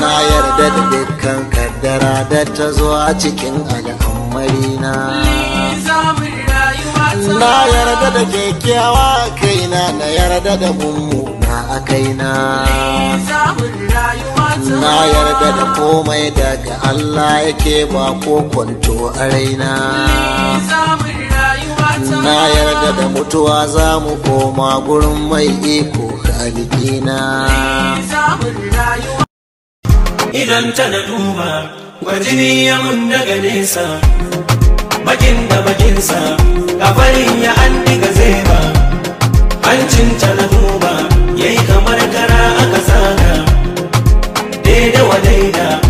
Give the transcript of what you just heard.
na yarda da dukkan kaddara da ta zo a cikin al'amari na na yarda da kyakkyawa a kaina na yarda da mummuna a kaina na yarda da komai daga Allah yake ba ko kwanto a raina na yarda da mutuwa za mu koma gurin mai iko bikina. gidanta na duba gwajini ya mun daga nesa bakin da bakinsa kafarin ya an diga Hancin hancinta na duba yayi kamar kara aka saka daida wa daida